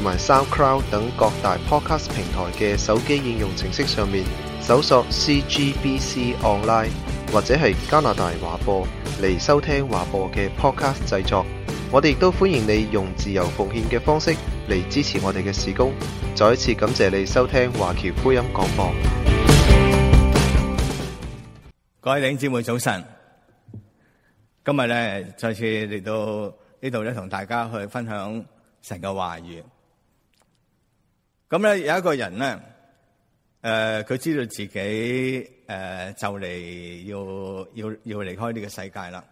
同埋 SoundCloud 等各大 Podcast 平台嘅手機應用程式上面搜索 CGBC Online 或者係加拿大華播嚟收聽華播嘅 Podcast 製作。我哋亦都歡迎你用自由奉獻嘅方式嚟支持我哋嘅事工。再一次感謝你收聽華僑福音廣播。各位弟兄姊妹早晨，今日咧再次嚟到呢度咧同大家去分享神嘅話語。咁咧有一個人咧，誒，佢知道自己誒就嚟要要要離開呢個世界啦。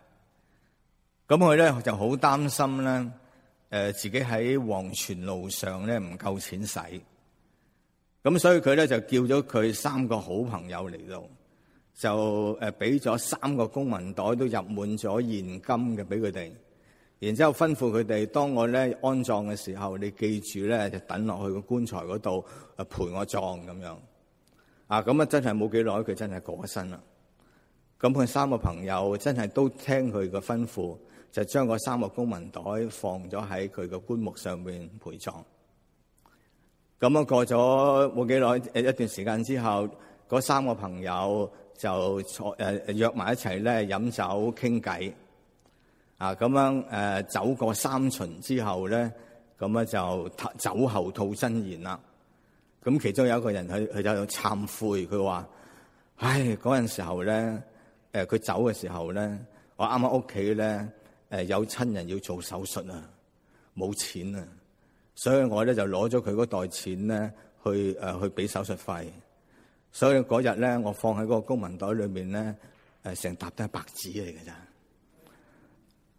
咁佢咧就好擔心咧，誒，自己喺黃泉路上咧唔夠錢使。咁所以佢咧就叫咗佢三個好朋友嚟到，就誒俾咗三個公文袋都入滿咗現金嘅俾佢哋。然之後吩咐佢哋，當我咧安葬嘅時候，你記住咧，就等落去個棺材嗰度，誒陪我葬咁樣。啊，咁啊真係冇幾耐，佢真係過了身過咗身啦。咁佢三個朋友真係都聽佢嘅吩咐，就將個三個公文袋放咗喺佢個棺木上面陪葬。咁啊過咗冇幾耐誒一段時間之後，嗰三個朋友就坐誒、呃、約埋一齊咧飲酒傾偈。啊，咁樣誒酒過三巡之後咧，咁咧就酒後吐真言啦。咁其中有一個人佢佢就有懺悔，佢話：唉，嗰陣時候咧，誒佢走嘅時候咧，我啱啱屋企咧誒有親人要做手術啊，冇錢啊，所以我咧就攞咗佢嗰袋錢咧去誒去俾手術費。所以嗰日咧，我放喺嗰個公文袋裏面咧，成沓都係白紙嚟嘅咋。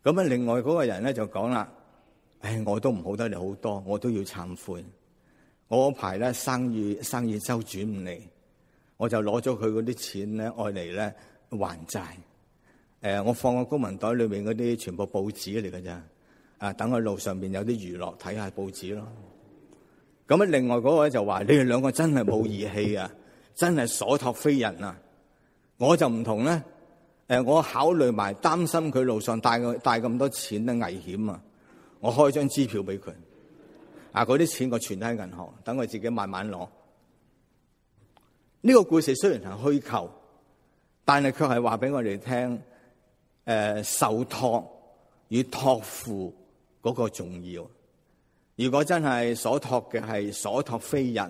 咁啊！另外嗰個人咧就講啦：唉，我都唔好得你好多，我都要懺悔。我排咧生意生意周轉唔嚟，我就攞咗佢嗰啲錢咧愛嚟咧還債。誒，我放個公文袋裏面嗰啲全部報紙嚟噶咋。啊，等佢路上邊有啲娛樂睇下報紙咯。咁啊！另外嗰個咧就話：你哋兩個真係冇義氣啊！真係所託非人啊！我就唔同咧。誒，我考慮埋擔心佢路上帶帶咁多錢嘅危險啊！我開張支票俾佢，啊，嗰啲錢我存喺銀行，等佢自己慢慢攞。呢、這個故事雖然係虛構，但係卻係話俾我哋聽，誒、呃、受託與託付嗰個重要。如果真係所託嘅係所託非人，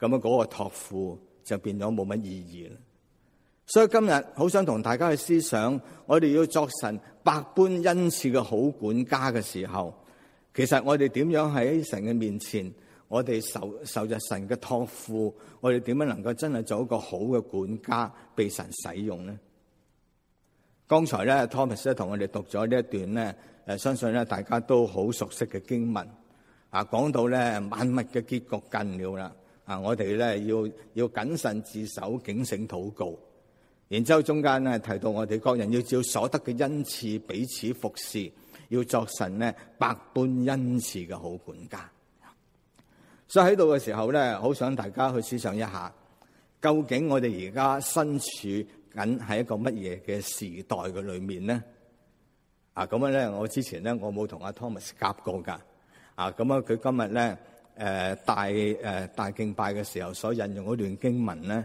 咁樣嗰個託付就變咗冇乜意義啦。所以今日好想同大家去思想，我哋要作神百般恩賜嘅好管家嘅時候，其實我哋點樣喺神嘅面前，我哋受受着神嘅託付，我哋點樣能夠真係做一個好嘅管家，被神使用呢？剛才咧，Thomas 咧同我哋讀咗呢一段咧，誒，相信咧大家都好熟悉嘅經文啊，講到咧萬物嘅結局近了啦啊，我哋咧要要謹慎自守，警醒禱告。然之後，中間咧提到我哋各人要照所得嘅恩賜彼此服侍，要作神咧百般恩賜嘅好管家。所以喺度嘅時候咧，好想大家去思想一下，究竟我哋而家身處緊喺一個乜嘢嘅時代嘅裏面咧？啊，咁樣咧，我之前咧我冇同阿 Thomas 夾過㗎。啊，咁啊，佢今日咧誒大誒、呃、大敬拜嘅時候所引用嗰段經文咧。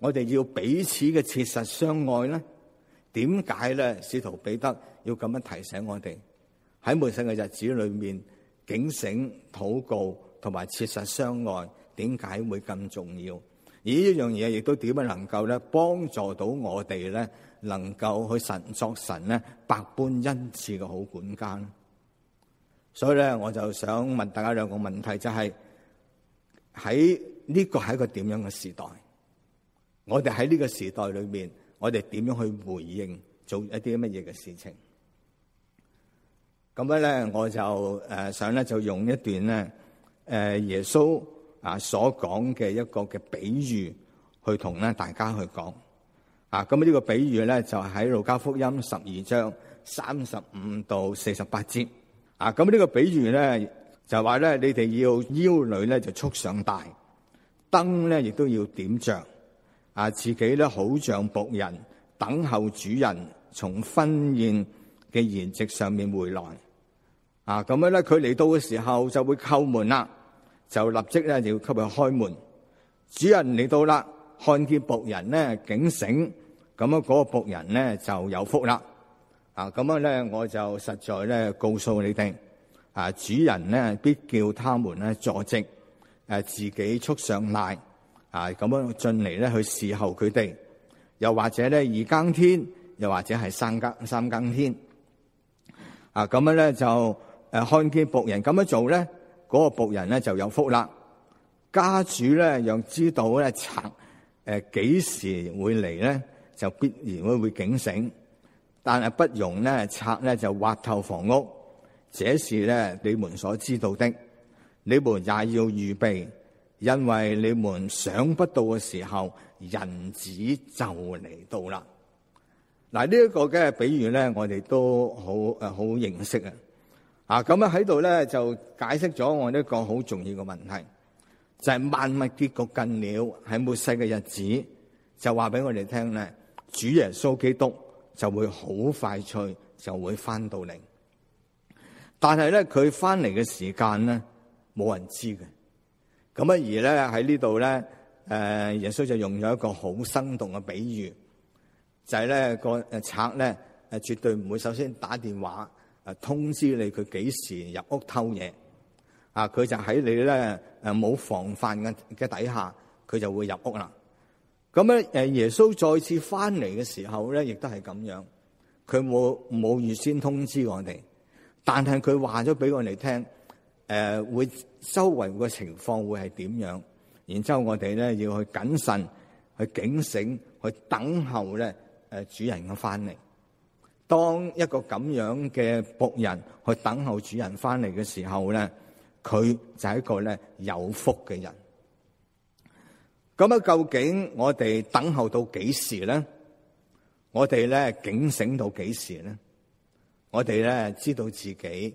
我哋要彼此嘅切實相愛咧？點解咧？使徒彼得要咁樣提醒我哋喺末世嘅日子裏面，警醒、禱告同埋切實相愛，點解會咁重要？而呢樣嘢亦都點樣能夠咧幫助到我哋咧，能夠去神作神咧百般恩賜嘅好管家？所以咧，我就想問大家兩個問題，就係喺呢個係一個點樣嘅時代？我哋喺呢個時代裏面，我哋點樣去回應做一啲乜嘢嘅事情？咁樣咧，我就誒、呃、想咧就用一段咧誒、呃、耶穌啊所講嘅一個嘅比喻，去同咧大家去講啊。咁呢個比喻咧就喺、是、路加福音十二章三十五到四十八節啊。咁呢個比喻咧就話咧你哋要腰裏咧就束上帶，燈咧亦都要點着。啊，自己咧好像僕人，等候主人從婚宴嘅筵席上面回來。啊，咁樣咧，佢嚟到嘅時候就會叩門啦，就立即咧要給佢開門。主人嚟到啦，看見僕人咧警醒，咁樣嗰個僕人咧就有福啦。啊，咁樣咧，我就實在咧告訴你哋，啊，主人咧必叫他們咧坐席，誒，自己束上帶。啊，咁樣進嚟咧去侍候佢哋，又或者咧二更天，又或者係三更三更天，啊，咁樣咧就誒看見僕人咁樣做咧，嗰、那個僕人咧就有福啦。家主咧要知道咧賊誒幾時會嚟咧，就必然會會警醒，但係不容咧賊咧就挖透房屋，這是咧你們所知道的，你們也要預備。因為你們想不到嘅時候，人子就嚟到啦。嗱、這個，呢一個比喻咧，我哋都好誒，好認識啊。啊，咁樣喺度咧就解釋咗我呢一個好重要嘅問題，就係、是、萬物結局近了，喺末世嘅日子，就話俾我哋聽咧，主耶穌基督就會好快脆就會翻到嚟。但係咧，佢翻嚟嘅時間咧，冇人知嘅。咁啊，而咧喺呢度咧，誒，耶穌就用咗一個好生動嘅比喻，就係咧個誒賊咧誒絕對唔會首先打電話誒通知你佢幾時入屋偷嘢，啊，佢就喺你咧誒冇防範嘅嘅底下，佢就會入屋啦。咁咧，誒耶穌再次返嚟嘅時候咧，亦都係咁樣，佢冇冇預先通知我哋，但係佢話咗俾我哋聽。誒，會周圍嘅情況會係點樣？然之後我哋咧要去謹慎，去警醒，去等候咧誒主人嘅翻嚟。當一個咁樣嘅僕人去等候主人翻嚟嘅時候咧，佢就係一個咧有福嘅人。咁啊，究竟我哋等候到幾時咧？我哋咧警醒到幾時咧？我哋咧知道自己。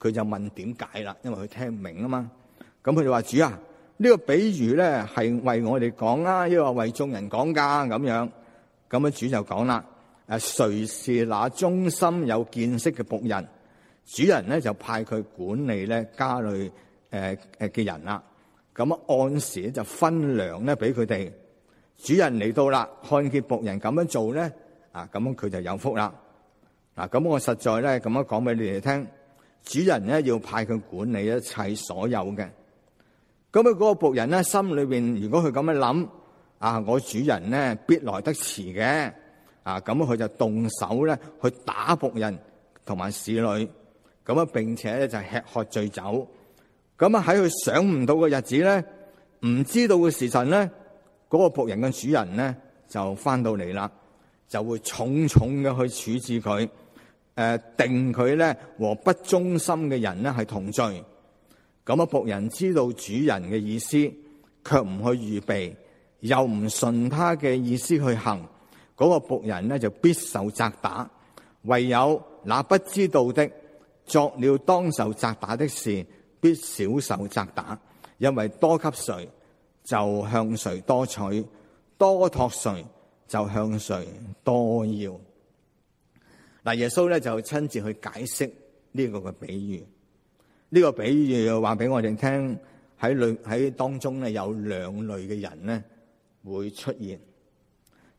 佢就問點解啦？因為佢聽唔明啊嘛。咁佢就話：主啊，呢個比喻咧係為我哋講啊，亦話為眾人講噶咁樣。咁樣主就講啦：誒，誰是那忠心有見識嘅僕人？主人咧就派佢管理咧家裏誒誒嘅人啦。咁按時咧就分糧咧俾佢哋。主人嚟到啦，看見僕人咁樣做咧，啊，咁樣佢就有福啦。嗱，咁我實在咧咁樣講俾你哋聽。主人咧要派佢管理一切所有嘅，咁啊嗰個僕人咧心裏邊如果佢咁樣諗，啊我主人咧必來得遲嘅，啊咁佢就動手咧去打僕人同埋侍女，咁啊並且咧就吃喝醉酒，咁啊喺佢想唔到嘅日子咧，唔知道嘅時辰咧，嗰個僕人嘅主人咧就翻到嚟啦，就會重重嘅去處置佢。誒，定佢咧和不忠心嘅人呢，係同罪。咁啊，僕人知道主人嘅意思，卻唔去預備，又唔順他嘅意思去行，嗰、那個僕人呢，就必受責打。唯有那不知道的，作了當受責打的事，必少受責打。因為多給誰，就向誰多取；多託誰，就向誰多要。嗱，耶穌咧就親自去解釋呢個嘅比喻。呢個比喻話俾我哋聽，喺裏喺當中咧有兩類嘅人咧會出現。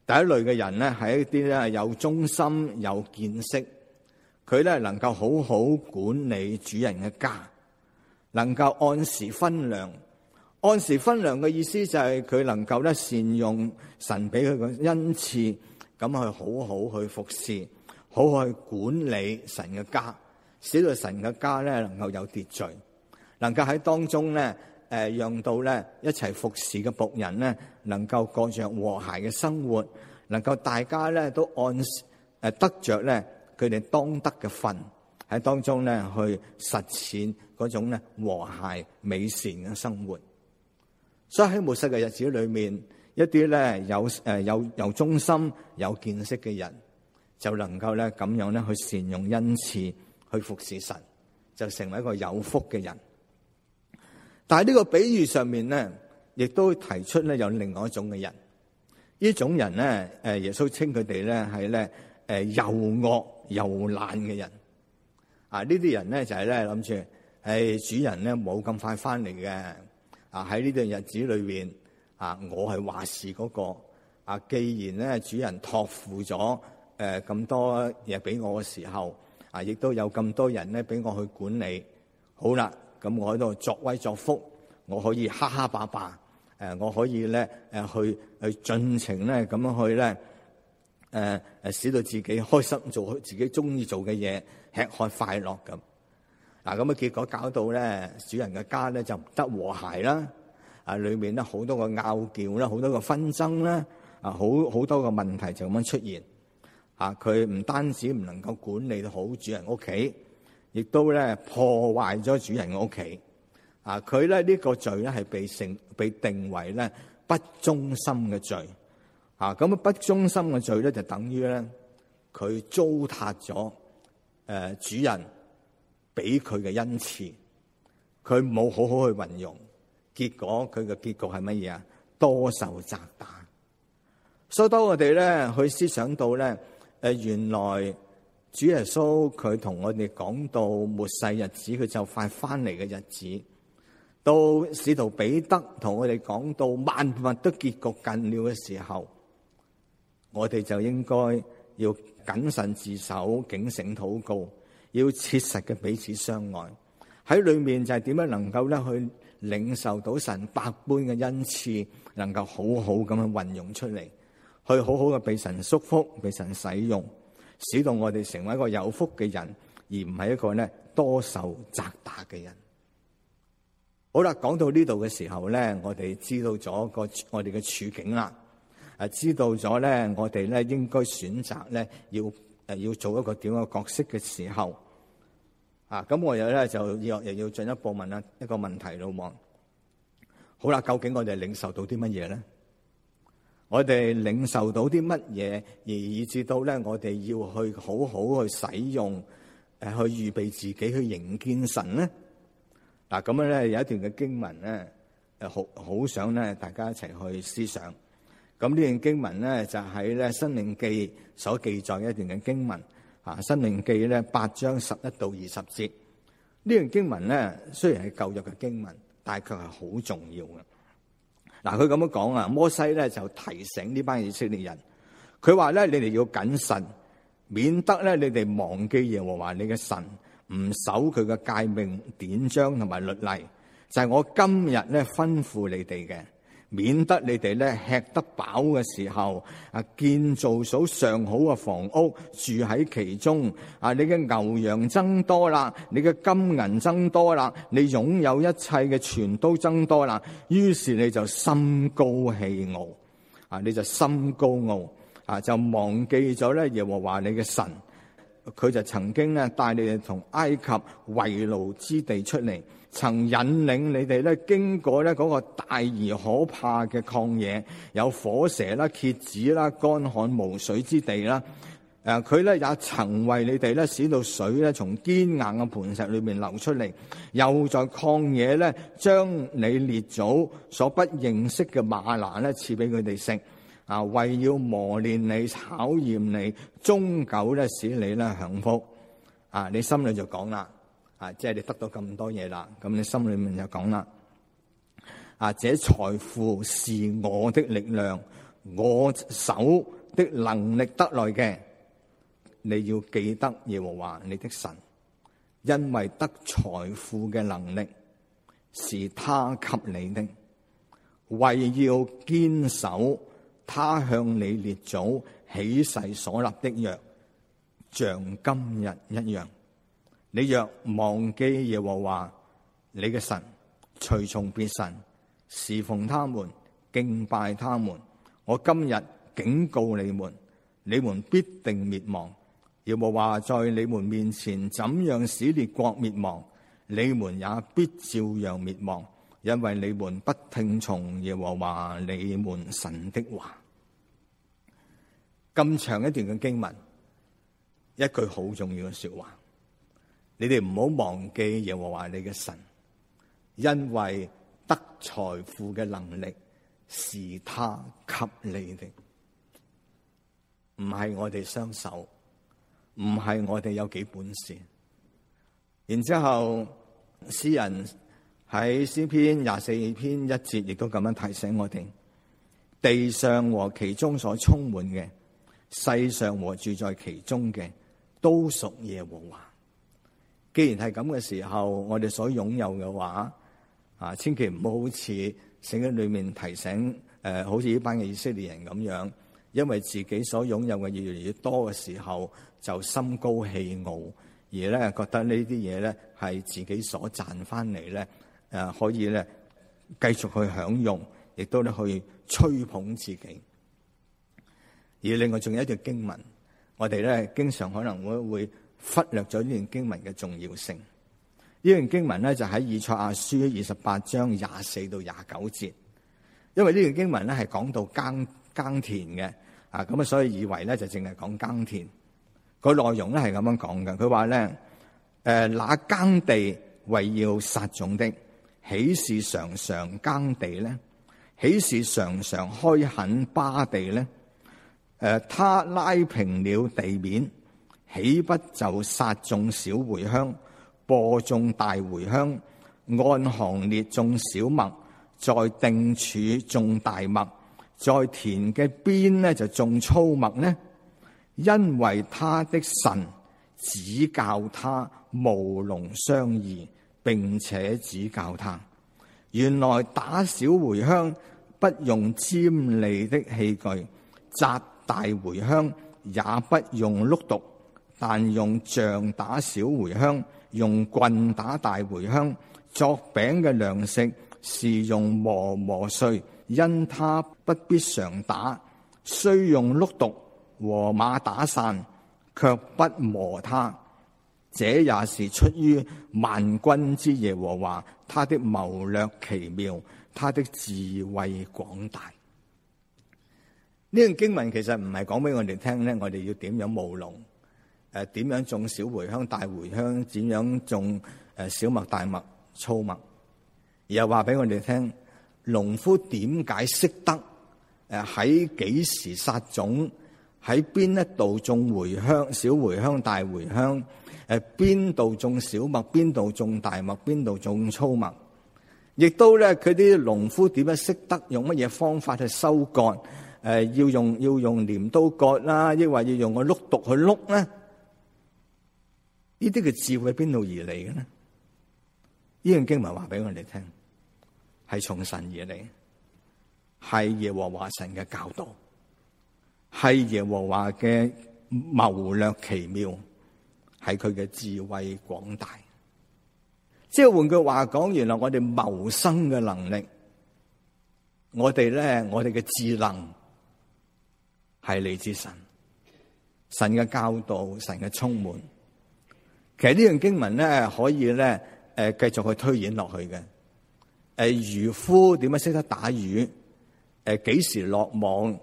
第一類嘅人咧係一啲咧有忠心有見識，佢咧能夠好好管理主人嘅家，能夠按時分糧。按時分糧嘅意思就係佢能夠咧善用神俾佢嘅恩賜，咁去好好去服侍。好去管理神嘅家，使到神嘅家咧能夠有秩序，能夠喺當中咧誒，讓到咧一齊服侍嘅僕人咧，能夠過着和諧嘅生活，能夠大家咧都按誒得着咧佢哋當得嘅份喺當中咧去實踐嗰種咧和諧美善嘅生活。所以喺末世嘅日子裏面，一啲咧有誒有有忠心有見識嘅人。就能夠咧咁樣咧去善用恩賜去服侍神，就成為一個有福嘅人。但係呢個比喻上面咧，亦都提出咧有另外一種嘅人，呢種人咧，誒，耶穌稱佢哋咧係咧誒又惡又懶嘅人啊。呢啲人咧就係咧諗住，誒、哎，主人咧冇咁快返嚟嘅啊。喺呢段日子裏面啊，我係話事嗰個啊，既然咧主人托付咗，誒咁多嘢俾我嘅時候，啊，亦都有咁多人咧俾我去管理。好啦，咁我喺度作威作福，我可以哈哈霸霸，我可以咧去去盡情咧咁樣去咧誒使到自己開心，做自己中意做嘅嘢，吃喝快樂咁。嗱咁啊，結果搞到咧主人嘅家咧就唔得和諧啦，啊，裏面咧好多個拗撬啦，好多個紛爭啦，啊，好好多個問題就咁樣出現。啊！佢唔單止唔能夠管理好主人屋企，亦都咧破壞咗主人嘅屋企。啊！佢咧呢個罪咧係被成被定為咧不忠心嘅罪。啊！咁啊不忠心嘅罪咧就等於咧佢糟蹋咗誒主人俾佢嘅恩賜，佢冇好好去運用，結果佢嘅結局係乜嘢啊？多受責打。所以當我哋咧去思想到咧。誒，原來主耶穌佢同我哋講到末世日子，佢就快翻嚟嘅日子；到使徒彼得同我哋講到萬物都結局近了嘅時候，我哋就應該要謹慎自守、警醒禱告，要切實嘅彼此相愛。喺裏面就係點樣能夠咧去領受到神百般嘅恩賜，能夠好好咁去運用出嚟。去好好嘅被神祝福，被神使用，使到我哋成為一個有福嘅人，而唔係一個咧多受責打嘅人。好啦，講到呢度嘅時候咧，我哋知道咗個我哋嘅處境啦，誒，知道咗咧，我哋咧應該選擇咧要誒要做一個點樣嘅角色嘅時候，啊，咁我哋咧就要又要進一步問啊一個問題老王，好啦，究竟我哋領受到啲乜嘢咧？我哋領受到啲乜嘢，而以致到咧，我哋要去好好去使用，誒，去預備自己去迎見神咧。嗱，咁樣咧有一段嘅經文咧，誒，好好想咧，大家一齊去思想。咁呢段經文咧就喺咧申命記所記載一段嘅經文啊，申命記咧八章十一到二十節。呢段經文咧雖然係舊約嘅經文，但係佢係好重要嘅。嗱，佢咁樣講啊，摩西咧就提醒呢班以色列人，佢話咧，你哋要謹慎，免得咧你哋忘記耶和華你嘅神，唔守佢嘅誡命典章同埋律例，就係我今日咧吩咐你哋嘅。免得你哋咧吃得飽嘅時候，啊建造咗上好嘅房屋住喺其中，啊你嘅牛羊增多啦，你嘅金銀增多啦，你擁有一切嘅全都增多啦，於是你就心高氣傲，啊你就心高傲，啊就忘記咗咧耶和華你嘅神，佢就曾經咧帶你哋同埃及為奴之地出嚟。曾引領你哋咧，經過咧嗰個大而可怕嘅曠野，有火蛇啦、蠍子啦、乾旱無水之地啦。誒，佢咧也曾為你哋咧使到水咧從堅硬嘅磐石裏面流出嚟，又在曠野咧將你列祖所不認識嘅嗎哪咧賜俾佢哋食。啊，為要磨練你、考驗你，終久咧使你咧享福。啊，你心裏就講啦。啊！即係你得到咁多嘢啦，咁你心裏面就講啦：啊，這財富是我的力量，我手的能力得來嘅。你要記得耶和華你的神，因為得財富嘅能力是他給你的，為要堅守他向你列祖起誓所立的約，像今日一樣。你若忘記耶和華你嘅神，隨從別神，侍奉他們，敬拜他們，我今日警告你們，你們必定滅亡。耶和華在你們面前怎樣使列國滅亡，你們也必照樣滅亡，因為你們不聽從耶和華你們神的話。咁長一段嘅經文，一句好重要嘅說話。你哋唔好忘記耶和華你嘅神，因為得財富嘅能力是他給你的，唔係我哋雙手，唔係我哋有幾本事。然之後詩人喺詩篇廿四篇一節亦都咁樣提醒我哋：地上和其中所充滿嘅，世上和住在其中嘅，都屬耶和華。既然係咁嘅時候，我哋所擁有嘅話，啊，千祈唔好好似聖經裏面提醒，誒、呃，好似呢班嘅以色列人咁樣，因為自己所擁有嘅嘢越嚟越多嘅時候，就心高氣傲，而咧覺得這些東西呢啲嘢咧係自己所賺翻嚟咧，誒、呃，可以咧繼續去享用，亦都咧去吹捧自己。而另外仲有一段經文，我哋咧經常可能會會。忽略咗呢段經文嘅重要性，呢段經文咧就喺以賽亞書二十八章廿四到廿九節。因為呢段經文咧係講到耕耕田嘅，啊咁，啊所以以為咧就淨係講耕田，個內容咧係咁樣講嘅，佢話咧誒，那耕地為要撒種的，豈是常常耕地咧？豈是常常開墾巴地？咧誒，他拉平了地面。豈不就撒種小茴香，播種大茴香，按行列種小麥，在定處種大麥，在田嘅邊呢，就種粗麥呢？因為他的神指教他務農相宜，並且指教他，原來打小茴香不用尖利的器具，軋大茴香也不用碌碡。但用杖打小茴香，用棍打大茴香。作餅嘅糧食是用磨磨碎，因他不必常打，雖用碌毒和馬打散，卻不磨他。這也是出於萬軍之耶和華，他的謀略奇妙，他的智慧廣大。呢段經文其實唔係講俾我哋聽咧，我哋要點樣務農？誒，點樣種小茴香、大茴香？點樣種誒小麥、大麥、粗麥？又話俾我哋聽，農夫點解識得誒喺幾時撒種？喺邊一度種茴香、小茴香、大茴香？誒，邊度種小麥？邊度種大麥？邊度種粗麥？亦都咧，佢啲農夫點樣識得用乜嘢方法去收割？誒，要用要用鐮刀割啦，抑或要用個碌獨去碌咧？呢啲嘅智慧喺邊度而嚟嘅呢？呢樣經文話俾我哋聽，係從神而嚟，係耶和華神嘅教導，係耶和華嘅謀略奇妙，係佢嘅智慧廣大。即係換句話講，原來我哋謀生嘅能力，我哋咧，我哋嘅智能係嚟自神，神嘅教導，神嘅充滿。其實呢樣經文咧，可以咧，誒，繼續去推演落去嘅。誒，漁夫點樣識得打魚？誒，幾時落網？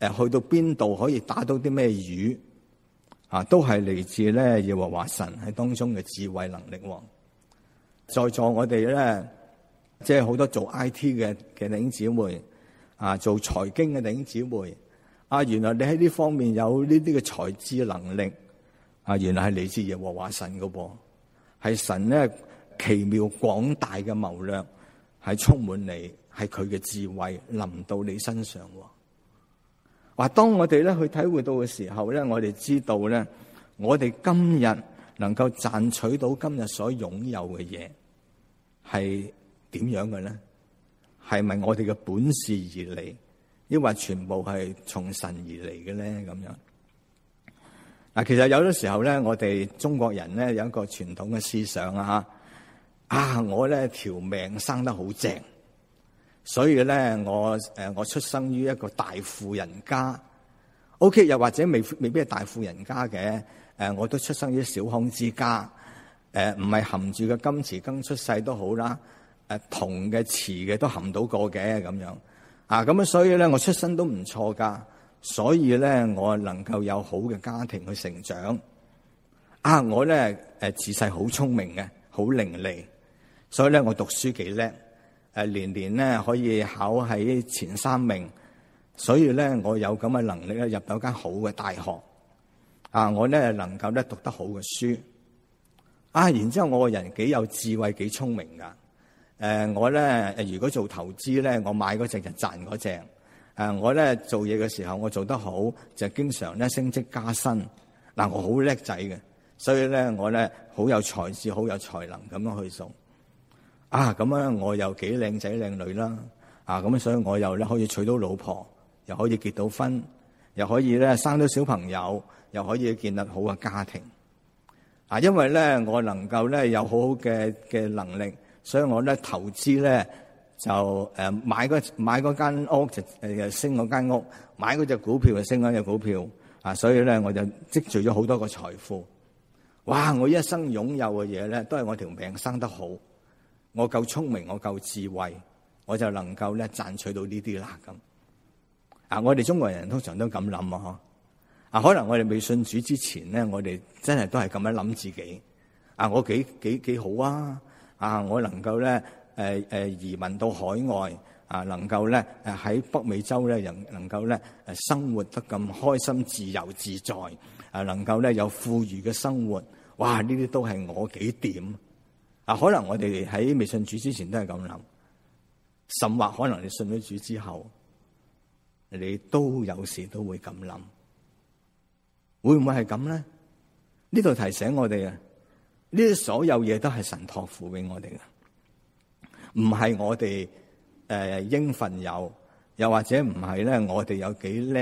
誒，去到邊度可以打到啲咩魚？啊，都係嚟自咧，耶和華神喺當中嘅智慧能力。在座我哋咧，即係好多做 I T 嘅嘅領姊妹啊，做財經嘅領姊妹啊，原來你喺呢方面有呢啲嘅才智能力。啊！原來係嚟自耶和華神嘅噃，係神咧奇妙廣大嘅謀略，係充滿你，係佢嘅智慧臨到你身上。話當我哋咧去體會到嘅時候咧，我哋知道咧，我哋今日能夠賺取到今日所擁有嘅嘢，係點樣嘅咧？係咪我哋嘅本事而嚟，抑或全部係從神而嚟嘅咧？咁樣。其實有啲時候咧，我哋中國人咧有一個傳統嘅思想啊嚇，啊我咧條命生得好正，所以咧我誒我出生於一個大富人家，OK 又或者未未必係大富人家嘅，誒我都出生於小康之家，誒唔係含住個金匙羹出世都好啦，誒銅嘅瓷嘅都含到過嘅咁樣，啊咁樣所以咧我出生都唔錯噶。所以咧，我能夠有好嘅家庭去成長。啊，我咧誒自細好聰明嘅，好伶俐，所以咧我讀書幾叻。誒、啊、年年咧可以考喺前三名，所以咧我有咁嘅能力咧入到間好嘅大學。啊，我咧能夠咧讀得好嘅書。啊，然之後我個人幾有智慧，幾聰明㗎、啊。我咧如果做投資咧，我買嗰隻就賺嗰隻。誒我咧做嘢嘅時候，我做得好就經常咧升職加薪。嗱我好叻仔嘅，所以咧我咧好有才智、好有才能咁樣去做。啊咁樣我又幾靚仔靚女啦。啊咁樣所以我又咧可以娶到老婆，又可以結到婚，又可以咧生到小朋友，又可以建立好嘅家庭。啊，因為咧我能夠咧有好好嘅嘅能力，所以我咧投資咧。就誒買嗰買間屋就誒升嗰間屋，買嗰隻股票就升嗰隻股票，啊！所以咧我就積聚咗好多個財富。哇！我一生擁有嘅嘢咧，都係我條命生得好，我夠聰明，我夠智慧，我就能夠咧賺取到呢啲啦咁。啊！我哋中國人通常都咁諗啊！嚇，可能我哋未信主之前咧，我哋真係都係咁樣諗自己。啊！我幾幾幾好啊！啊！我能夠咧～誒誒，移民到海外啊，能夠咧誒喺北美洲咧，能能夠咧誒生活得咁開心、自由自在，啊，能夠咧有富裕嘅生活，哇！呢啲都係我幾點啊？可能我哋喺未信主之前都係咁諗，甚或可能你信咗主之後，你都有時都會咁諗，會唔會係咁咧？呢度提醒我哋啊，呢啲所有嘢都係神託付俾我哋嘅。唔係我哋誒應份有，又或者唔係咧，我哋有幾叻？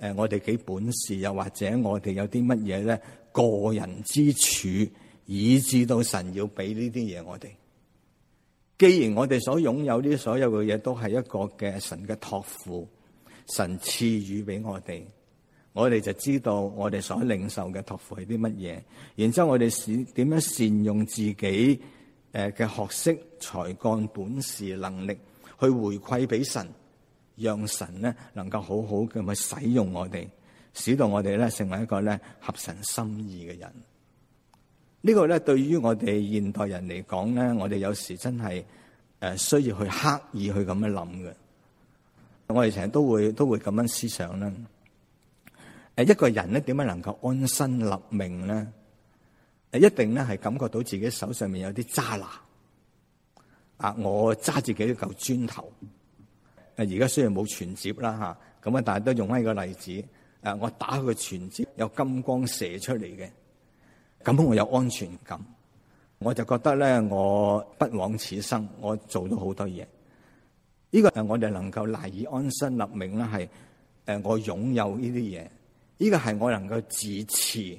誒，我哋幾本事？又或者我哋有啲乜嘢咧？個人之處，以致到神要俾呢啲嘢我哋。既然我哋所擁有啲所有嘅嘢，都係一個嘅神嘅託付，神賜予俾我哋，我哋就知道我哋所領受嘅託付係啲乜嘢。然之後我哋使點樣善用自己？誒嘅學識、才幹、本事、能力，去回饋俾神，讓神咧能夠好好咁去使用我哋，使到我哋咧成為一個咧合神心意嘅人。這個、呢個咧對於我哋現代人嚟講咧，我哋有時真係誒需要去刻意去咁樣諗嘅。我哋成日都會都會咁樣思想啦。誒，一個人咧點樣能夠安身立命咧？一定咧係感覺到自己手上面有啲渣啦，啊！我揸住一嚿磚頭，誒，而家雖然冇存摺啦吓，咁啊，但係都用一個例子，誒，我打開個存摺有金光射出嚟嘅，咁我有安全感，我就覺得咧，我不枉此生，我做咗好多嘢，呢個係我哋能夠賴以安身立命啦，係誒，我擁有呢啲嘢，呢個係我能夠自持。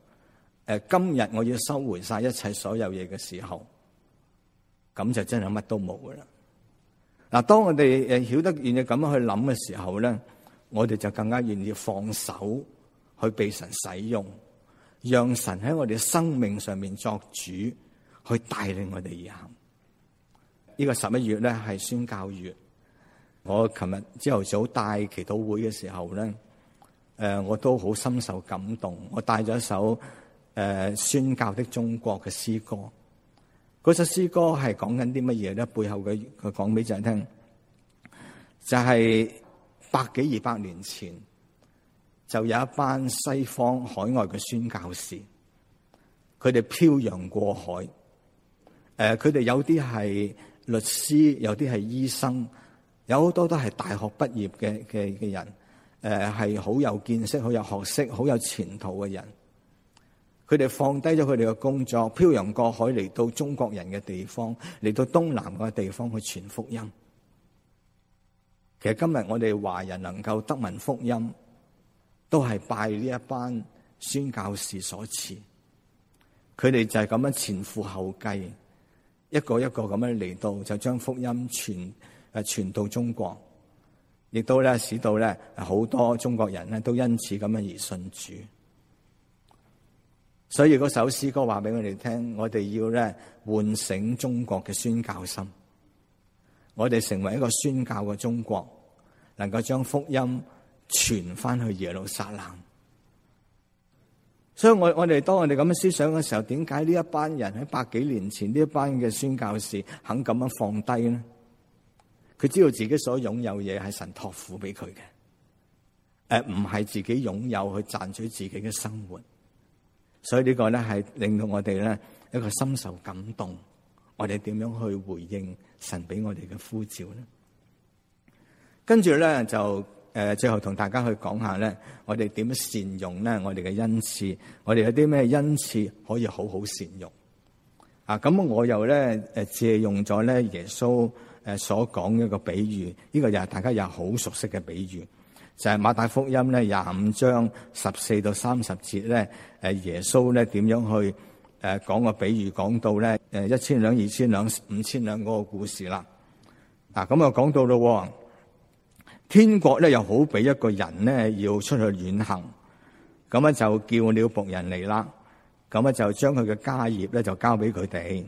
誒，今日我要收回晒一切所有嘢嘅時候，咁就真係乜都冇噶啦。嗱，當我哋誒曉得願意咁樣去諗嘅時候咧，我哋就更加願意放手去被神使用，讓神喺我哋生命上面作主，去帶領我哋而行。呢個十一月咧係宣教月，我琴日朝頭早帶祈禱會嘅時候咧，誒，我都好深受感動。我帶咗一首。誒，宣教的中國嘅詩歌，嗰首詩歌係講緊啲乜嘢咧？背後嘅佢講俾人聽，就係百幾二百年前，就有一班西方海外嘅宣教士，佢哋漂洋過海，誒，佢哋有啲係律師，有啲係醫生，有好多都係大學畢業嘅嘅嘅人，誒，係好有見識、好有學識、好有前途嘅人。佢哋放低咗佢哋嘅工作，漂洋過海嚟到中國人嘅地方，嚟到東南嘅地方去傳福音。其實今日我哋華人能夠得聞福音，都係拜呢一班宣教士所賜。佢哋就係咁樣前赴後繼，一個一個咁樣嚟到，就將福音傳誒傳到中國，亦都咧使到咧好多中國人咧都因此咁樣而信主。所以嗰首詩歌話俾我哋聽，我哋要咧喚醒中國嘅宣教心，我哋成為一個宣教嘅中國，能夠將福音傳翻去耶路撒冷。所以我我哋當我哋咁樣思想嘅時候，點解呢一班人喺百幾年前呢一班嘅宣教士肯咁樣放低呢？佢知道自己所擁有嘅嘢係神託付俾佢嘅，誒唔係自己擁有去賺取自己嘅生活。所以呢個咧係令到我哋咧一個深受感動，我哋點樣去回應神俾我哋嘅呼召咧？跟住咧就誒，最後同大家去講下咧，我哋點樣善用咧我哋嘅恩賜，我哋有啲咩恩賜可以好好善用啊？咁我又咧誒借用咗咧耶穌誒所講嘅一個比喻，呢個又係大家又好熟悉嘅比喻。就係、是、馬太福音咧廿五章十四到三十節咧，誒耶穌咧點樣去誒講個比喻，講到咧誒一千兩、二千兩、五千兩嗰個故事啦。嗱、啊，咁啊講到咯，天國咧又好比一個人咧要出去遠行，咁啊就叫了僕人嚟啦，咁啊就將佢嘅家業咧就交俾佢哋，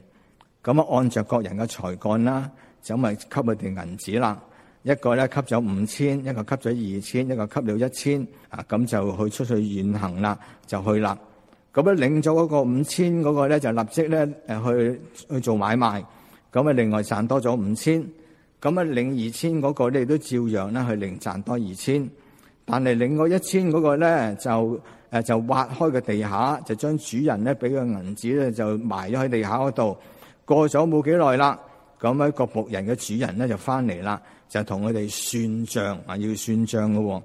咁啊按着各人嘅才幹啦，就咁啊給佢哋銀子啦。一個咧吸咗五千，一個吸咗二千，一個吸咗一千啊，咁就去出去遠行啦，就去啦。咁咧領咗嗰個五千嗰個咧就立即咧去去做買賣，咁啊另外賺多咗五千。咁啊領二千嗰個你都照樣咧去另賺多二千，但係領嗰一千嗰個咧就誒就挖開個地下，就將主人咧俾個銀子咧就埋咗喺地下嗰度。過咗冇幾耐啦，咁、那、啊個僕人嘅主人咧就翻嚟啦。就同佢哋算賬啊，要算賬喎、哦。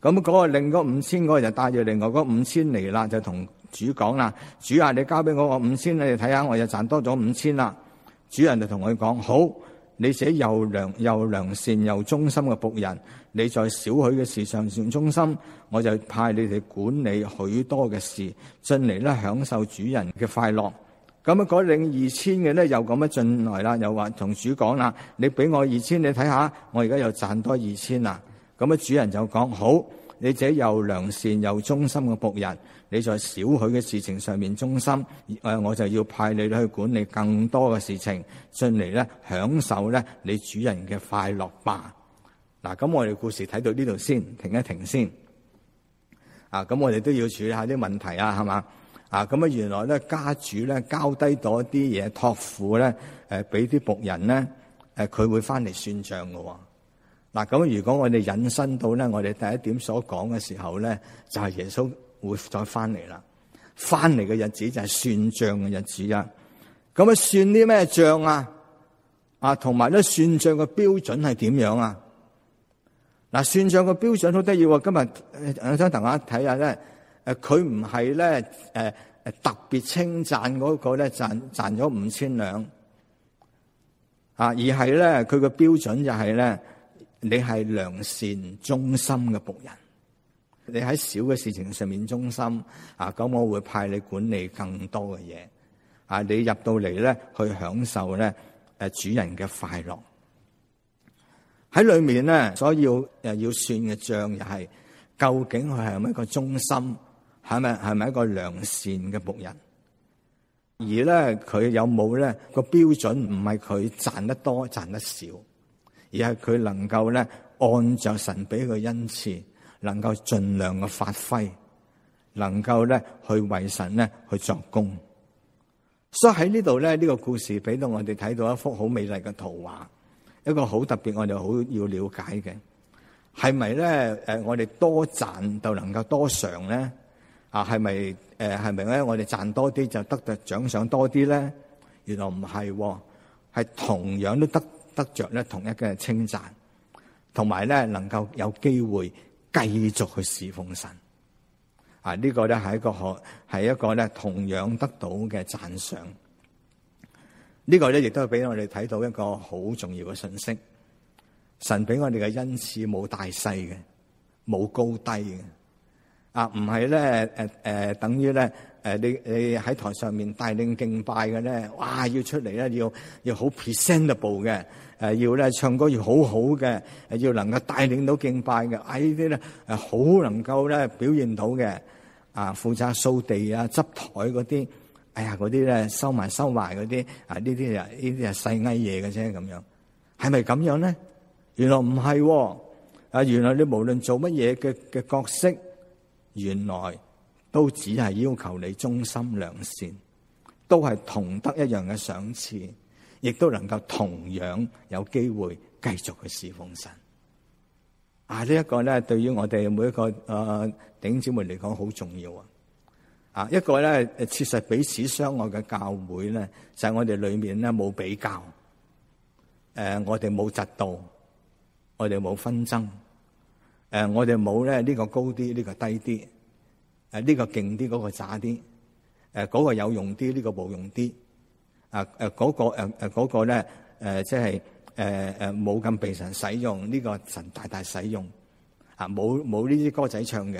咁、那、嗰個領嗰五千嗰人帶住另外嗰五千嚟啦，就同主講啦。主啊，你交俾我五千，你哋睇下我又賺多咗五千啦。主人就同佢講：好，你寫又良又良善又忠心嘅僕人，你在少許嘅事上算忠心，我就派你哋管理許多嘅事，進嚟咧享受主人嘅快樂。咁啊，嗰領二千嘅咧又咁樣進來啦，又話同主講啦，你俾我二千，你睇下，我而家又賺多二千啦。咁啊，主人就講好，你這又良善又忠心嘅僕人，你在少許嘅事情上面忠心，誒，我就要派你去管理更多嘅事情，進嚟咧享受咧你主人嘅快樂吧。嗱，咁我哋故事睇到呢度先，停一停先。啊，咁我哋都要處理下啲問題啊，係嘛？啊，咁啊，原來咧，家主咧交低咗啲嘢託付咧，誒，俾啲僕人咧，誒、啊，佢會翻嚟算賬㗎嗱，咁、啊、如果我哋引申到咧，我哋第一點所講嘅時候咧，就係、是、耶穌會再翻嚟啦。翻嚟嘅日子就係算賬嘅日子啦。咁啊，算啲咩賬啊？啊，同埋咧，啊、算賬嘅標準係點樣啊？嗱、啊，算賬嘅標準好得意啊！今日誒，想等下睇下咧。誒，佢唔係咧，誒誒特別稱讚嗰個咧賺賺咗五千兩，啊，而係咧佢個標準就係咧，你係良善忠心嘅僕人，你喺小嘅事情上面忠心，啊，咁我會派你管理更多嘅嘢，啊，你入到嚟咧去享受咧誒主人嘅快樂。喺裏面咧所要誒要算嘅賬又係，究竟佢係咪一個忠心？係咪係咪一個良善嘅僕人？而咧佢有冇咧個標準？唔係佢賺得多賺得少，而係佢能夠咧按照神俾佢恩賜，能夠盡量嘅發揮，能夠咧去為神咧去作功。所以喺呢度咧呢個故事俾到我哋睇到一幅好美麗嘅圖畫，一個好特別我哋好要了解嘅係咪咧？誒，我哋多賺就能夠多嘗咧？啊，係咪誒，係咪咧？我哋賺多啲就得到獎賞多啲咧？原來唔係，係同樣都得得着咧，同一嘅稱讚，同埋咧能夠有機會繼續去侍奉神。啊，呢個咧係一個可係一個咧同樣得到嘅讚賞。呢個咧亦都俾我哋睇到一個好重要嘅信息。神俾我哋嘅恩賜冇大細嘅，冇高低嘅。啊，唔係咧，誒誒，等於咧，誒你你喺台上面帶領敬拜嘅咧，哇，要出嚟咧，要要好 presentable 嘅，誒要咧唱歌要好好嘅，誒要能夠帶領到敬拜嘅，啊呢啲咧誒好能夠咧表現到嘅，啊負責掃地啊執台嗰啲，哎呀嗰啲咧收埋收埋嗰啲，啊呢啲啊呢啲啊細藝嘢嘅啫咁樣，係咪咁樣咧？原來唔係喎，啊原來你無論做乜嘢嘅嘅角色。原來都只係要求你忠心良善，都係同得一樣嘅賞賜，亦都能夠同樣有機會繼續去侍奉神。啊，這個、呢一個咧，對於我哋每一個誒弟兄姊妹嚟講，好重要啊！啊，一個咧，誒，切實彼此相愛嘅教會咧，在、就係、我哋裏面咧冇比較，誒、呃，我哋冇嫉妒，我哋冇紛爭。誒、啊，我哋冇咧呢個高啲，呢個低啲，誒啊呢個勁啲，嗰個渣啲，誒啊嗰個有用啲，呢個冇用啲，啊誒嗰個誒誒個咧，誒即係誒誒冇咁被神使用，呢個神大大使用，啊冇冇呢啲歌仔唱嘅，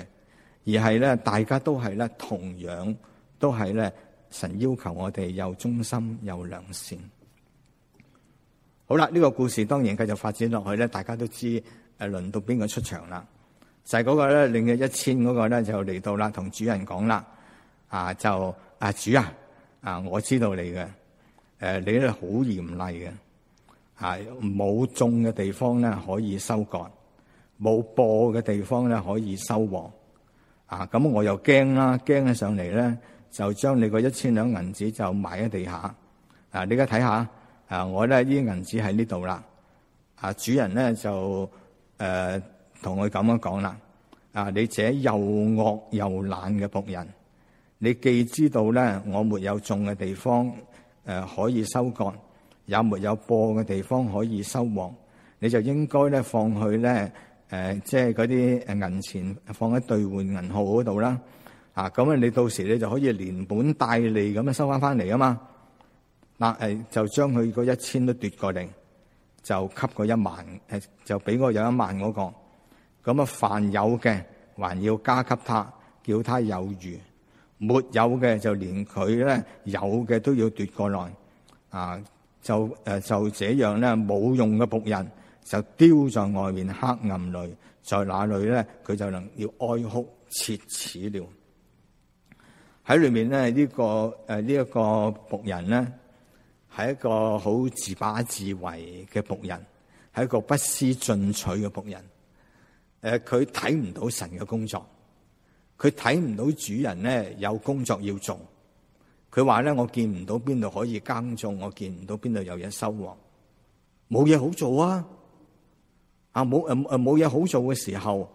而係咧大家都係咧同樣都係咧神要求我哋又忠心又良善。好啦，呢個故事當然繼續發展落去咧，大家都知。誒，輪到邊個出場啦？就係、是、嗰個咧，領咗一千嗰個咧，就嚟到啦，同主人講啦，啊，就啊，主啊，啊，我知道你嘅，誒，你咧好嚴厲嘅，啊，冇、啊、種嘅地方咧可以收割，冇播嘅地方咧可以收穫，啊，咁我又驚啦，驚上嚟咧就將你個一千兩銀子就埋喺地下，啊，你而家睇下，啊，我咧呢啲銀子喺呢度啦，啊，主人咧就。誒，同佢咁樣講啦，啊，你這又惡又懶嘅僕人，你既知道咧我沒有種嘅地方，誒可以收割，又沒有播嘅地方可以收穫，你就應該咧放去咧，誒，即係嗰啲誒銀錢放喺兌換銀號嗰度啦，啊，咁啊你到時你就可以連本帶利咁樣收翻翻嚟啊嘛，嗱，誒就將佢嗰一千都奪過嚟。就給個一萬，誒就俾個有一萬嗰、那個。咁啊，凡有嘅還要加給他，叫他有餘；沒有嘅就連佢咧有嘅都要奪過來。啊，就啊就這樣咧，冇用嘅僕人就丟在外面黑暗裏，在那裏咧佢就能要哀哭切齒了。喺裏面咧呢、這個、啊這個、呢一個僕人咧，係一個好自把自為嘅僕人，係一個不思進取嘅僕人。誒、呃，佢睇唔到神嘅工作，佢睇唔到主人咧有工作要做。佢話咧，我見唔到邊度可以耕種，我見唔到邊度有人收穫，冇嘢好做啊。啊，冇誒誒，冇嘢好做嘅時候，誒、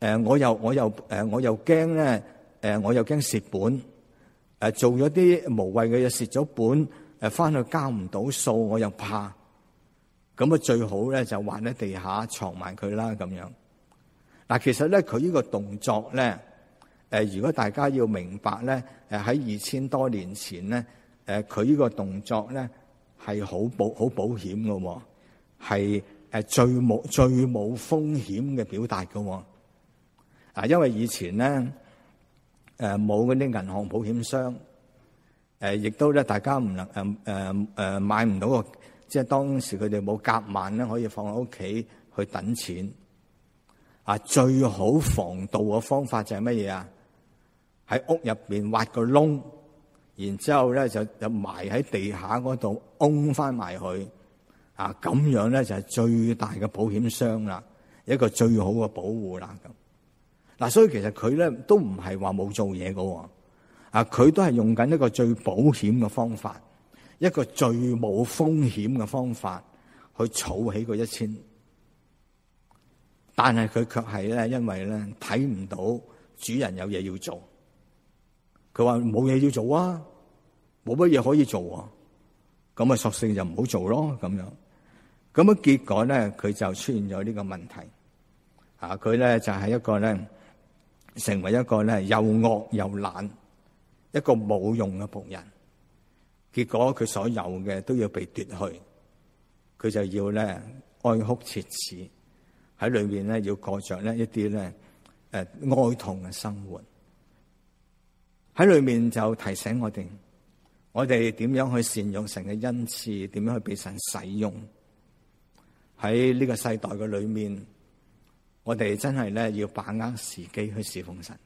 呃，我又我又誒、呃、我又驚咧，誒、呃、我又驚蝕本誒、呃，做咗啲無謂嘅嘢，蝕咗本。誒，翻去交唔到數，我又怕，咁啊最好咧就埋喺地下藏埋佢啦咁樣。嗱，其實咧佢呢個動作咧，誒，如果大家要明白咧，誒喺二千多年前咧，誒佢呢個動作咧係好保好保險噶，係誒最冇最冇風險嘅表達噶。喎。因為以前咧，誒冇嗰啲銀行保險箱。誒，亦都咧，大家唔能誒誒誒買唔到個，即係當時佢哋冇夾萬咧，可以放喺屋企去等錢。啊，最好防盜嘅方法就係乜嘢啊？喺屋入邊挖個窿，然之後咧就就埋喺地下嗰度，擁翻埋去。啊，咁樣咧就係最大嘅保險箱啦，一個最好嘅保護啦。咁嗱，所以其實佢咧都唔係話冇做嘢噶。啊！佢都係用緊一個最保險嘅方法，一個最冇風險嘅方法去儲起個一千，但係佢卻係咧，因為咧睇唔到主人有嘢要做，佢話冇嘢要做啊，冇乜嘢可以做啊，咁啊索性就唔好做咯，咁樣，咁樣結果咧佢就出現咗呢個問題，啊佢咧就係一個咧成為一個咧又惡又懶。一個冇用嘅僕人，結果佢所有嘅都要被奪去，佢就要咧哀哭切齒喺裏面咧要過着咧一啲咧誒哀痛嘅生活喺裏面就提醒我哋，我哋點樣去善用神嘅恩賜，點樣去俾神使用喺呢個世代嘅裏面，我哋真係咧要把握時機去侍奉神。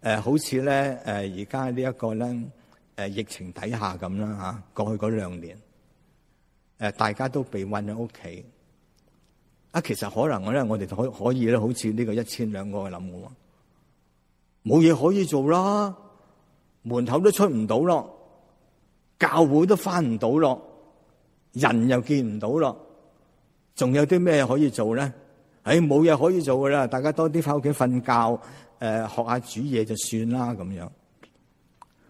誒、呃，好似咧，誒、呃，而家呢一個咧，誒、呃，疫情底下咁啦，吓，過去嗰兩年，誒、呃，大家都被困喺屋企，啊，其實可能咧，我哋可可以咧，好似呢個一千兩個去諗嘅喎，冇嘢可以做啦，門口都出唔到咯，教會都翻唔到咯，人又見唔到咯，仲有啲咩可以做咧？誒，冇嘢可以做㗎啦，大家多啲翻屋企瞓覺。誒，學下煮嘢就算啦咁樣，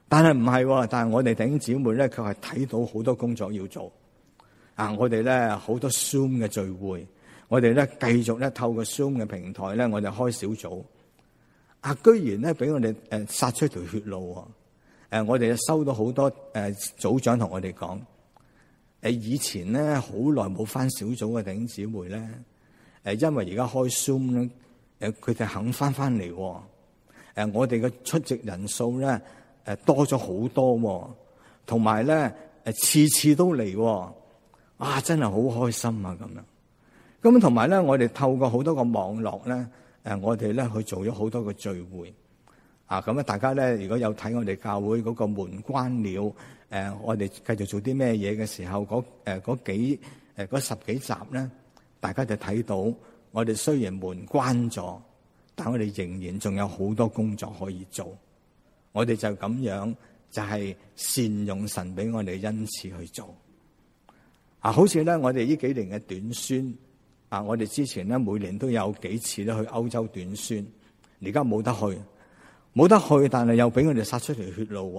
但係唔係，但係我哋頂姊妹咧，佢係睇到好多工作要做。啊，我哋咧好多 Zoom 嘅聚會，我哋咧繼續咧透過 Zoom 嘅平台咧，我就開小組。啊，居然咧俾我哋誒殺出條血路。誒、啊，我哋收到好多誒、呃、組長同我哋講，誒、啊、以前咧好耐冇返小組嘅頂姊妹咧，誒、啊、因為而家開 Zoom 咧。誒，佢哋肯翻翻嚟，誒，我哋嘅出席人數咧，誒，多咗好多，同埋咧，誒，次次都嚟，啊，真係好開心啊，咁樣，咁同埋咧，我哋透過好多個網絡咧，誒，我哋咧去做咗好多嘅聚會，啊，咁啊，大家咧，如果有睇我哋教會嗰個門關了，誒，我哋繼續做啲咩嘢嘅時候，嗰誒嗰幾誒嗰十幾集咧，大家就睇到。我哋雖然門關咗，但我哋仍然仲有好多工作可以做。我哋就咁樣，就係善用神俾我哋因此去做。啊，好似咧，我哋呢幾年嘅短宣啊，我哋之前咧每年都有幾次咧去歐洲短宣，而家冇得去，冇得去，但係又俾我哋殺出條血路。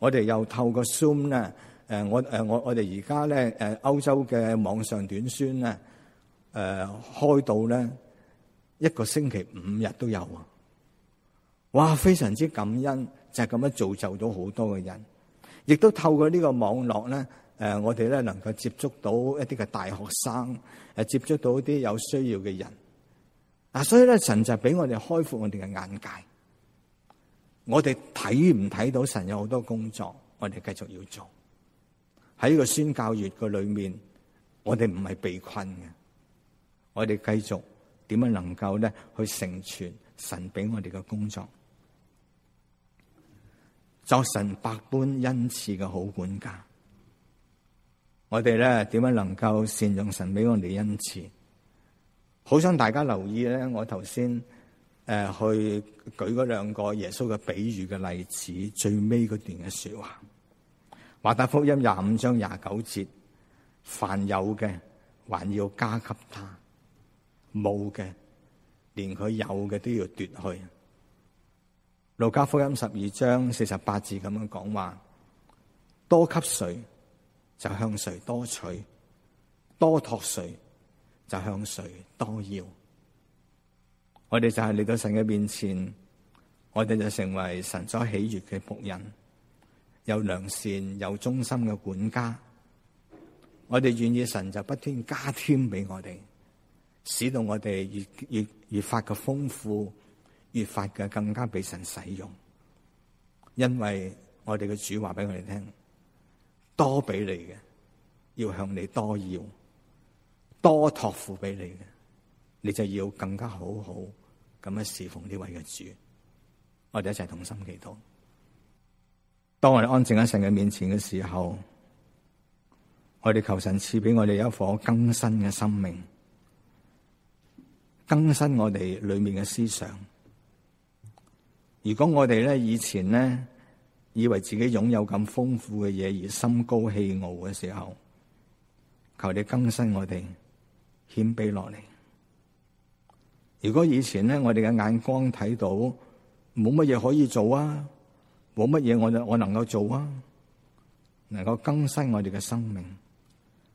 我哋又透過 Zoom 咧，誒，我誒，我我哋而家咧，誒，歐洲嘅網上短宣咧。誒、呃，開到咧一個星期五日都有啊！哇，非常之感恩，就係咁樣造就咗好多嘅人，亦都透過呢個網絡咧，誒、呃，我哋咧能夠接觸到一啲嘅大學生，誒、啊，接觸到啲有需要嘅人。嗱、啊，所以咧，神就俾我哋開闊我哋嘅眼界。我哋睇唔睇到神有好多工作，我哋繼續要做喺，呢個宣教月嘅裏面，我哋唔係被困嘅。我哋繼續點樣能夠咧去成全神俾我哋嘅工作，作神百般恩賜嘅好管家。我哋咧點樣能夠善用神俾我哋恩賜？好想大家留意咧，我頭先誒去舉嗰兩個耶穌嘅比喻嘅例子，最尾嗰段嘅說話，馬太福音廿五章廿九節，凡有嘅還要加給他。冇嘅，連佢有嘅都要奪去。路加福音十二章四十八字咁樣講話：多給誰，就向誰多取；多託誰，就向誰多要。我哋就係嚟到神嘅面前，我哋就成為神所喜悅嘅僕人，有良善有忠心嘅管家。我哋願意，神就不斷加添俾我哋。使到我哋越越越發嘅豐富，越發嘅更加俾神使用，因為我哋嘅主話俾我哋聽，多俾你嘅，要向你多要，多託付俾你嘅，你就要更加好好咁樣侍奉呢位嘅主。我哋一齊同心祈禱。當我哋安靜喺神嘅面前嘅時候，我哋求神賜俾我哋一顆更新嘅生命。更新我哋裏面嘅思想。如果我哋咧以前咧以為自己擁有咁豐富嘅嘢，而心高氣傲嘅時候，求你更新我哋，謙卑落嚟。如果以前咧我哋嘅眼光睇到冇乜嘢可以做啊，冇乜嘢我就我能夠做啊，能夠更新我哋嘅生命，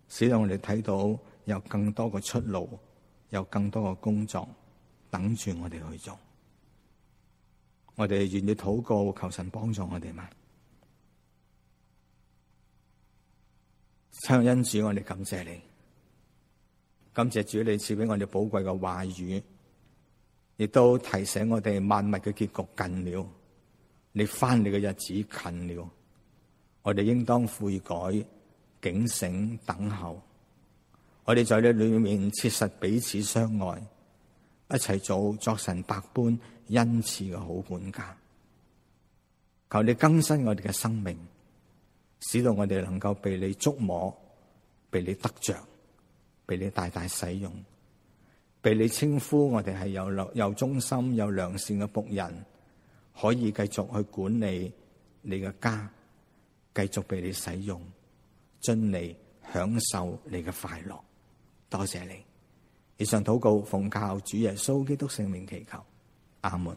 使到我哋睇到有更多嘅出路。有更多嘅工作等住我哋去做，我哋願意禱告求神幫助我哋嗎？天恩主，我哋感謝你，感謝主你賜俾我哋寶貴嘅話語，亦都提醒我哋萬物嘅結局近了，你翻嚟嘅日子近了，我哋應當悔改、警醒、等候。我哋在呢裏面切實彼此相愛，一齊做作神百般恩賜嘅好管家。求你更新我哋嘅生命，使到我哋能夠被你觸摸，被你得着，被你大大使用，被你稱呼我哋係有有忠心、有良善嘅僕人，可以繼續去管理你嘅家，繼續被你使用，進嚟享受你嘅快樂。多謝你，以上禱告奉靠主耶穌基督聖名祈求，阿門。